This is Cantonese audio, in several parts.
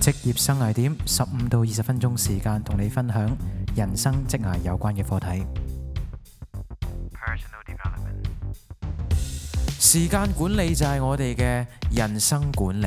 職業生涯點，十五到二十分鐘時間，同你分享人生職涯有關嘅課題。Personal development. 時間管理就係我哋嘅人生管理。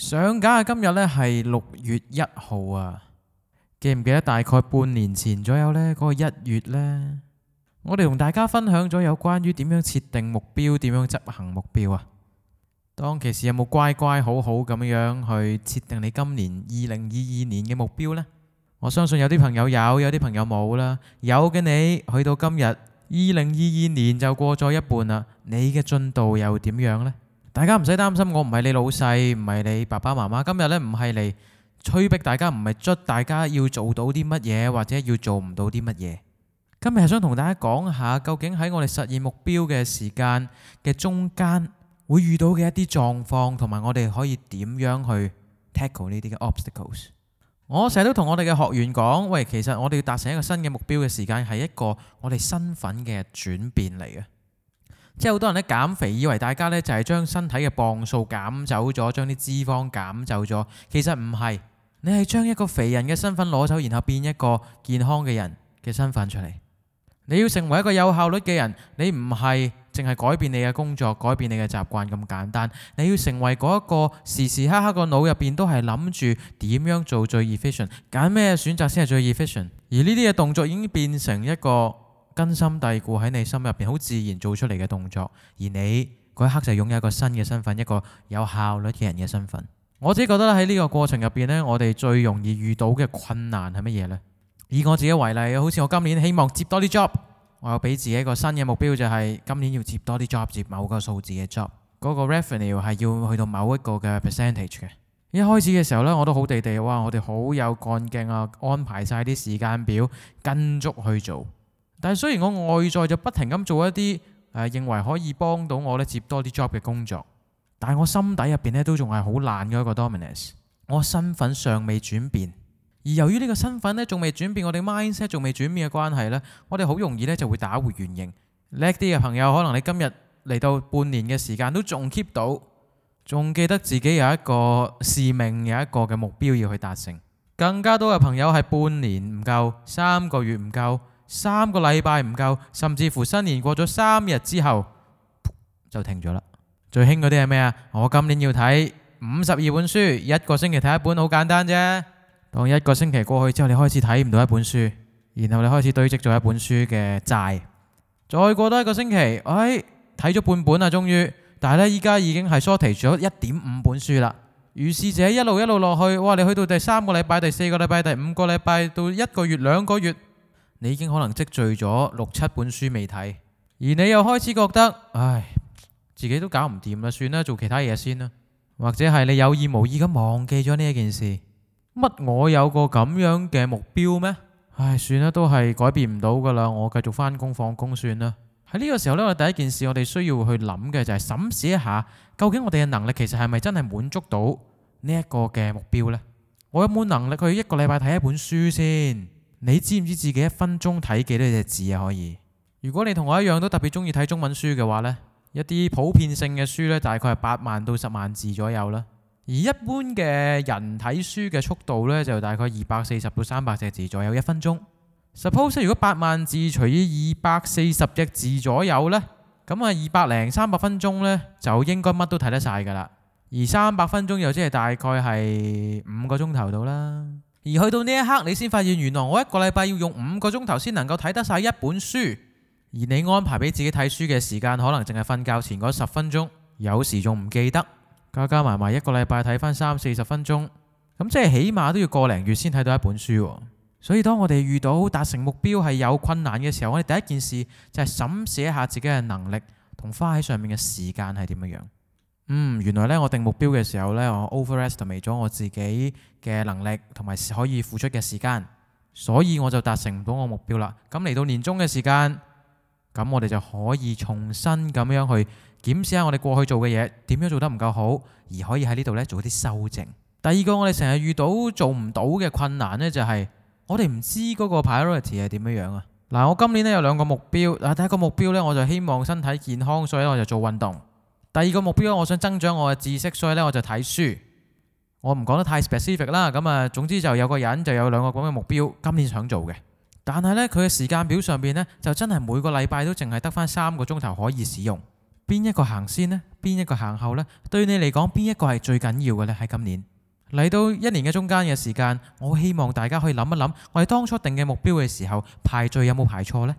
上架今日呢，係六月一號啊，記唔記得大概半年前左右呢？嗰個一月呢，我哋同大家分享咗有關於點樣設定目標，點樣執行目標啊？當其時有冇乖乖好好咁樣去設定你今年二零二二年嘅目標呢？我相信有啲朋友有，有啲朋友冇啦。有嘅你，去到今日二零二二年就過咗一半啦，你嘅進度又點樣呢？大家唔使擔心，我唔係你老細，唔係你爸爸媽媽。今日呢，唔係嚟催逼大家，唔係捽大家要做到啲乜嘢，或者要做唔到啲乜嘢。今日係想同大家講下，究竟喺我哋實現目標嘅時間嘅中間，會遇到嘅一啲狀況，同埋我哋可以點樣去 tackle 呢啲嘅 obstacles。我成日都同我哋嘅學員講，喂，其實我哋要達成一個新嘅目標嘅時間，係一個我哋身份嘅轉變嚟嘅。即係好多人呢，減肥，以為大家呢就係將身體嘅磅數減走咗，將啲脂肪減走咗。其實唔係，你係將一個肥人嘅身份攞走，然後變一個健康嘅人嘅身份出嚟。你要成為一個有效率嘅人，你唔係淨係改變你嘅工作、改變你嘅習慣咁簡單。你要成為嗰一個時時刻刻個腦入邊都係諗住點樣做最 efficient，揀咩選擇先係最 efficient。而呢啲嘅動作已經變成一個根深蒂固喺你心入邊，好自然做出嚟嘅動作。而你嗰一刻就擁有一個新嘅身份，一個有效率嘅人嘅身份。我自己覺得喺呢個過程入邊呢，我哋最容易遇到嘅困難係乜嘢呢？以我自己為例，好似我今年希望接多啲 job，我又俾自己一個新嘅目標，就係今年要接多啲 job，接某個數字嘅 job，嗰個 revenue 係要去到某一個嘅 percentage 嘅。一開始嘅時候呢，我都好地地，哇！我哋好有幹勁啊，安排晒啲時間表，跟足去做。但係雖然我外在就不停咁做一啲，誒、呃、認為可以幫到我咧接多啲 job 嘅工作，但係我心底入邊咧都仲係好懶嘅一個 Dominus 我身份尚未轉變，而由於呢個身份咧仲未轉變，我哋 mindset 仲未轉變嘅關係呢我哋好容易咧就會打回原形。叻啲嘅朋友可能你今日嚟到半年嘅時間都仲 keep 到，仲記得自己有一個使命，有一個嘅目標要去達成。更加多嘅朋友係半年唔夠，三個月唔夠。三個禮拜唔夠，甚至乎新年過咗三日之後就停咗啦。最興嗰啲係咩啊？我今年要睇五十二本書，一個星期睇一本，好簡單啫。當一個星期過去之後，你開始睇唔到一本書，然後你開始堆積咗一本書嘅債。再過多一個星期，唉、哎，睇咗半本啊，終於。但係呢，依家已經係 short 咗一點五本書啦。如是者一路一路落去，哇！你去到第三個禮拜、第四個禮拜、第五個禮拜到一個月、兩個月。你已經可能積聚咗六七本書未睇，而你又開始覺得，唉，自己都搞唔掂啦，算啦，做其他嘢先啦。或者係你有意無意咁忘記咗呢一件事，乜我有個咁樣嘅目標咩？唉，算啦，都係改變唔到噶啦，我繼續翻工放工算啦。喺呢個時候呢，我第一件事我哋需要去諗嘅就係審視一下，究竟我哋嘅能力其實係咪真係滿足到呢一個嘅目標呢？我有冇能力去一個禮拜睇一本書先？你知唔知自己一分鐘睇幾多隻字啊？可以，如果你同我一樣都特別中意睇中文書嘅話呢，一啲普遍性嘅書咧，大概係八萬到十萬字左右啦。而一般嘅人睇書嘅速度咧，就大概二百四十到三百隻字左右一分鐘。Suppose 如果八萬字除以二百四十隻字左右呢，咁啊，二百零三百分鐘呢，就應該乜都睇得晒㗎啦。而三百分鐘又即係大概係五個鐘頭到啦。而去到呢一刻，你先發現原來我一個禮拜要用五個鐘頭先能夠睇得晒一本書，而你安排俾自己睇書嘅時間可能淨係瞓覺前嗰十分鐘，有時仲唔記得，加加埋埋一個禮拜睇翻,三四十分鐘，咁即係起碼都要個零月先睇到一本書。所以當我哋遇到達成目標係有困難嘅時候，我哋第一件事就係審視一下自己嘅能力同花喺上面嘅時間係點樣樣。嗯，原來呢，我定目標嘅時候呢，我 overestimate 咗我自己。嘅能力同埋可以付出嘅時間，所以我就達成唔到我目標啦。咁嚟到年終嘅時間，咁我哋就可以重新咁樣去檢視下我哋過去做嘅嘢點樣做得唔夠好，而可以喺呢度呢做一啲修正。第二個我哋成日遇到做唔到嘅困難呢、就是，就係我哋唔知嗰個 priority 係點樣啊。嗱，我今年呢有兩個目標。嗱，第一個目標呢，我就希望身體健康，所以我就做運動。第二個目標呢，我想增長我嘅知識，所以呢我就睇書。我唔講得太 specific 啦，咁啊，總之就有個人就有兩個咁嘅目標，今年想做嘅。但係呢，佢嘅時間表上面呢，就真係每個禮拜都淨係得返三個鐘頭可以使用。邊一個行先呢？邊一個行後呢？對你嚟講，邊一個係最緊要嘅呢？喺今年嚟到一年嘅中間嘅時間，我希望大家可以諗一諗，我哋當初定嘅目標嘅時候排序有冇排錯呢？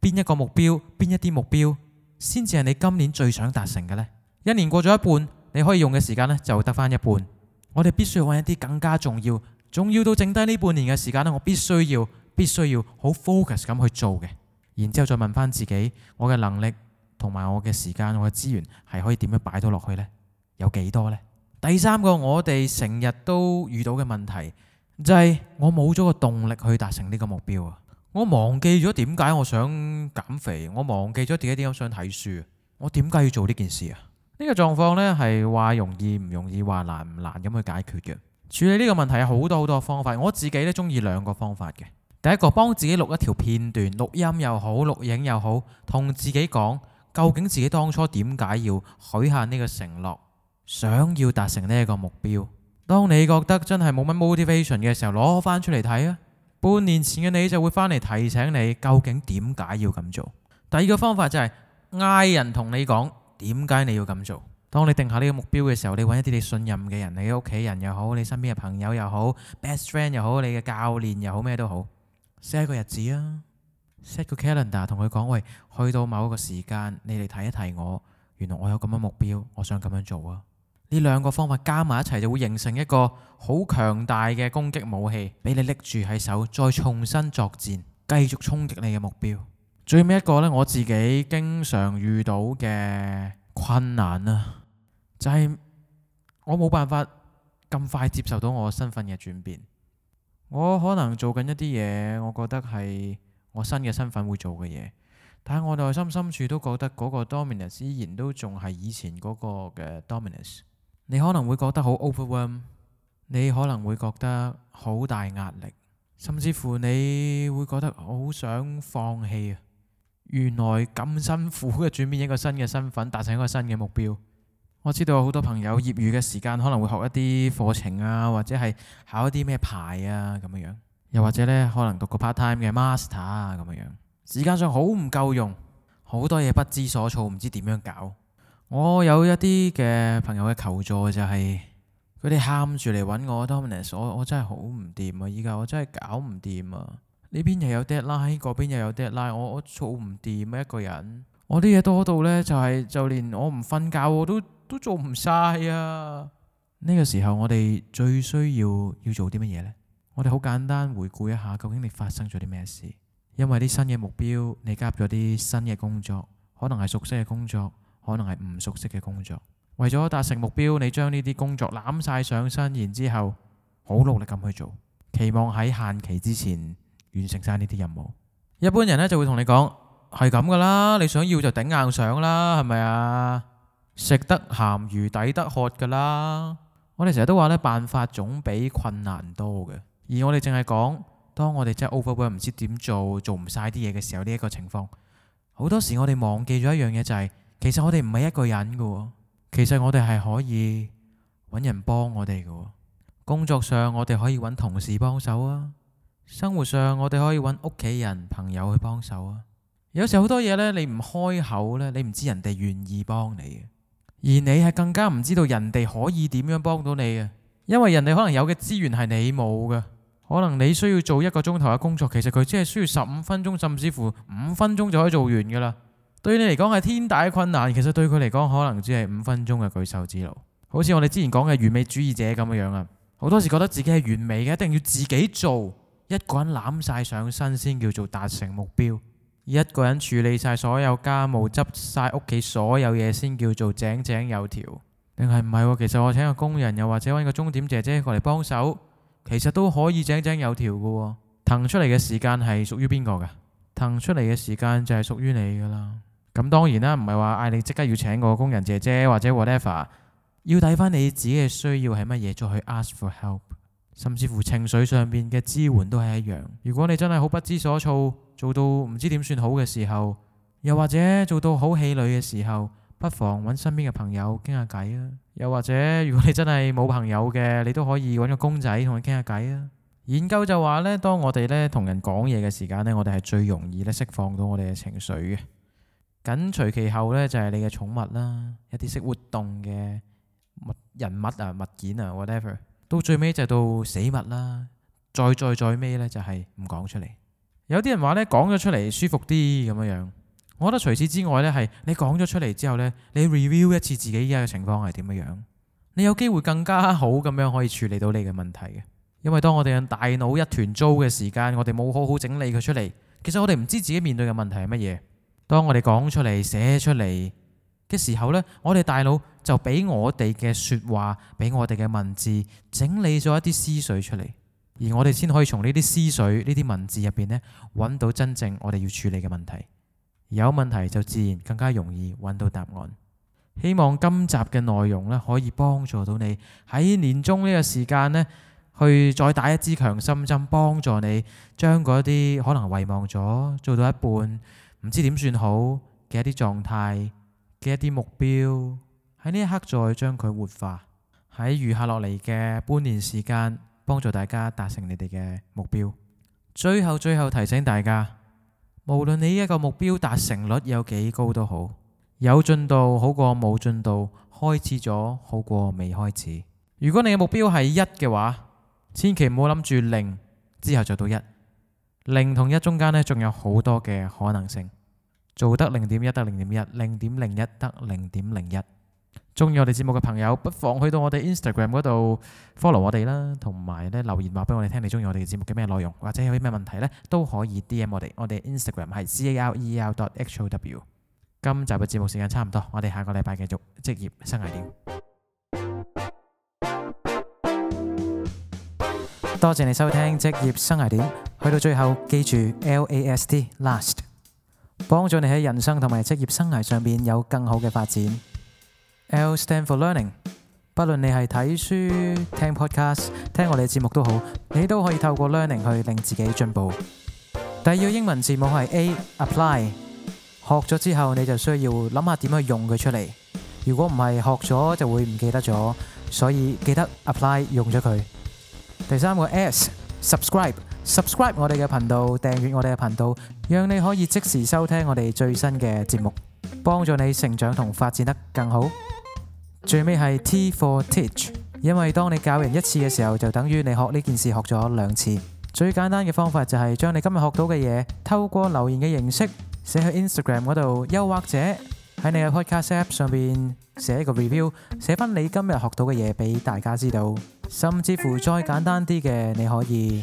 邊一個目標？邊一啲目標先至係你今年最想達成嘅呢？一年過咗一半，你可以用嘅時間呢，就得返一半。我哋必須要揾一啲更加重要，重要到剩低呢半年嘅時間呢，我必須要必須要好 focus 咁去做嘅。然之後再問翻自己，我嘅能力同埋我嘅時間、我嘅資源係可以點樣擺到落去呢？有幾多呢？第三個，我哋成日都遇到嘅問題就係我冇咗個動力去達成呢個目標啊！我忘記咗點解我想減肥，我忘記咗點解我想睇書，我點解要做呢件事啊？呢個狀況呢，係話容易唔容易，話難唔難咁去解決嘅。處理呢個問題有好多好多方法，我自己咧中意兩個方法嘅。第一個，幫自己錄一條片段，錄音又好，錄影又好，同自己講究竟自己當初點解要許下呢個承諾，想要達成呢一個目標。當你覺得真係冇乜 motivation 嘅時候，攞翻出嚟睇啊，半年前嘅你就會翻嚟提醒你究竟點解要咁做。第二個方法就係、是、嗌人同你講。點解你要咁做？當你定下呢個目標嘅時候，你揾一啲你信任嘅人，你屋企人又好，你身邊嘅朋友又好，best friend 又好，你嘅教練又好，咩都好，set 個日子啊，set 個 calendar 同佢講，喂，去到某一個時間，你嚟睇一睇我。原來我有咁樣目標，我想咁樣做啊！呢兩個方法加埋一齊就會形成一個好強大嘅攻擊武器，俾你拎住喺手，再重新作戰，繼續衝擊你嘅目標。最尾一個呢，我自己經常遇到嘅困難啊，就係我冇辦法咁快接受到我身份嘅轉變。我可能做緊一啲嘢，我覺得係我新嘅身份會做嘅嘢，但係我內心深處都覺得嗰個 Dominus 依然都仲係以前嗰個嘅 Dominus。你可能會覺得好 overwhelm，你可能會覺得好大壓力，甚至乎你會覺得好想放棄啊！原來咁辛苦嘅轉變一個新嘅身份，達成一個新嘅目標。我知道好多朋友業餘嘅時間可能會學一啲課程啊，或者係考一啲咩牌啊咁樣樣，又或者呢，可能讀個 part time 嘅 master 啊咁樣樣。時間上好唔夠用，好多嘢不知所措，唔知點樣搞。我有一啲嘅朋友嘅求助就係佢哋喊住嚟揾我，Dominus，我真係好唔掂啊！依家我真係搞唔掂啊！呢邊又有 deadline，嗰邊又有 deadline，我我做唔掂一個人。我啲嘢多到呢，就係就連我唔瞓覺我都都做唔晒啊！呢個時候我哋最需要要做啲乜嘢呢？我哋好簡單回顧一下，究竟你發生咗啲咩事？因為啲新嘅目標，你加入咗啲新嘅工作，可能係熟悉嘅工作，可能係唔熟悉嘅工作。為咗達成目標，你將呢啲工作攬晒上身，然之後好努力咁去做，期望喺限期之前。完成晒呢啲任務，一般人呢就會同你講，係咁噶啦，你想要就頂硬上啦，係咪啊？食得鹹魚抵得渴噶啦。我哋成日都話咧，辦法總比困難多嘅。而我哋淨係講，當我哋真係 overboard 唔知點做，做唔晒啲嘢嘅時候，呢一個情況好多時我哋忘記咗一樣嘢就係，其實我哋唔係一個人噶喎，其實我哋係可以揾人幫我哋嘅喎。工作上我哋可以揾同事幫手啊。生活上，我哋可以揾屋企人、朋友去幫手啊。有時好多嘢呢，你唔開口呢，你唔知人哋願意幫你嘅，而你係更加唔知道人哋可以點樣幫到你嘅，因為人哋可能有嘅資源係你冇嘅。可能你需要做一個鐘頭嘅工作，其實佢只係需要十五分鐘，甚至乎五分鐘就可以做完噶啦。對你嚟講係天大嘅困難，其實對佢嚟講可能只係五分鐘嘅舉手之勞。好似我哋之前講嘅完美主義者咁樣樣啊，好多時覺得自己係完美嘅，一定要自己做。一個人攬晒上身先叫做達成目標，一個人處理晒所有家務，執晒屋企所有嘢先叫做井井有條。定係唔係？其實我請個工人，又或者搵個鐘點姐姐過嚟幫手，其實都可以井井有條噶喎。騰出嚟嘅時間係屬於邊個嘅？騰出嚟嘅時間就係屬於你噶啦。咁當然啦，唔係話嗌你即刻要請個工人姐姐或者 whatever，要睇翻你自己嘅需要係乜嘢，再去 ask for help。甚至乎情緒上面嘅支援都係一樣。如果你真係好不知所措，做到唔知點算好嘅時候，又或者做到好氣餒嘅時候，不妨揾身邊嘅朋友傾下偈啊。又或者如果你真係冇朋友嘅，你都可以揾個公仔同佢傾下偈啊。研究就話呢，當我哋呢同人講嘢嘅時間呢，我哋係最容易咧釋放到我哋嘅情緒嘅。緊隨其後呢，就係你嘅寵物啦，一啲識活動嘅人物啊、物件啊 whatever。到最尾就到死物啦，再再最尾呢就係唔講出嚟。有啲人話呢，講咗出嚟舒服啲咁樣樣。我覺得除此之外呢，係你講咗出嚟之後呢，你 review 一次自己依家嘅情況係點樣樣，你有機會更加好咁樣可以處理到你嘅問題嘅。因為當我哋喺大腦一團糟嘅時間，我哋冇好好整理佢出嚟，其實我哋唔知自己面對嘅問題係乜嘢。當我哋講出嚟，寫出嚟。嘅時候呢，我哋大腦就俾我哋嘅説話，俾我哋嘅文字整理咗一啲思緒出嚟，而我哋先可以從呢啲思緒、呢啲文字入邊呢，揾到真正我哋要處理嘅問題。有問題就自然更加容易揾到答案。希望今集嘅內容呢，可以幫助到你喺年中呢個時間呢，去再打一支強心針，幫助你將嗰啲可能遺忘咗、做到一半唔知點算好嘅一啲狀態。嘅一啲目標喺呢一刻再將佢活化，喺餘下落嚟嘅半年時間幫助大家達成你哋嘅目標。最後最後提醒大家，無論你一個目標達成率有幾高都好，有進度好過冇進度，開始咗好過未開始。如果你嘅目標係一嘅話，千祈唔好諗住零之後就到一，零同一中間呢，仲有好多嘅可能性。做得零點一得零點一，零點零一得零點零一。中意我哋節目嘅朋友，不妨去到我哋 Instagram 嗰度 follow 我哋啦，同埋呢留言話俾我哋聽你中意我哋嘅節目嘅咩內容，或者有啲咩問題呢都可以 DM 我哋。我哋 Instagram 係 Career dot how。今集嘅節目時間差唔多，我哋下個禮拜繼續職業生涯點。多謝你收聽職業生涯點。去到最後記住 LAST last。幫助你喺人生同埋職業生涯上面有更好嘅發展。L stand for learning，不論你係睇書、聽 podcast、聽我哋嘅節目都好，你都可以透過 learning 去令自己進步。第二英文字母係 A apply，學咗之後你就需要諗下點樣用佢出嚟。如果唔係學咗就會唔記得咗，所以記得 apply 用咗佢。第三個 S subscribe。subscribe 我哋嘅頻道，訂閱我哋嘅頻道，讓你可以即時收聽我哋最新嘅節目，幫助你成長同發展得更好。最尾係 T for Teach，因為當你教人一次嘅時候，就等於你學呢件事學咗兩次。最簡單嘅方法就係將你今日學到嘅嘢透過留言嘅形式寫去 Instagram 嗰度，又或者喺你嘅 Podcast App 上面寫一個 review，寫翻你今日學到嘅嘢俾大家知道。甚至乎再簡單啲嘅，你可以。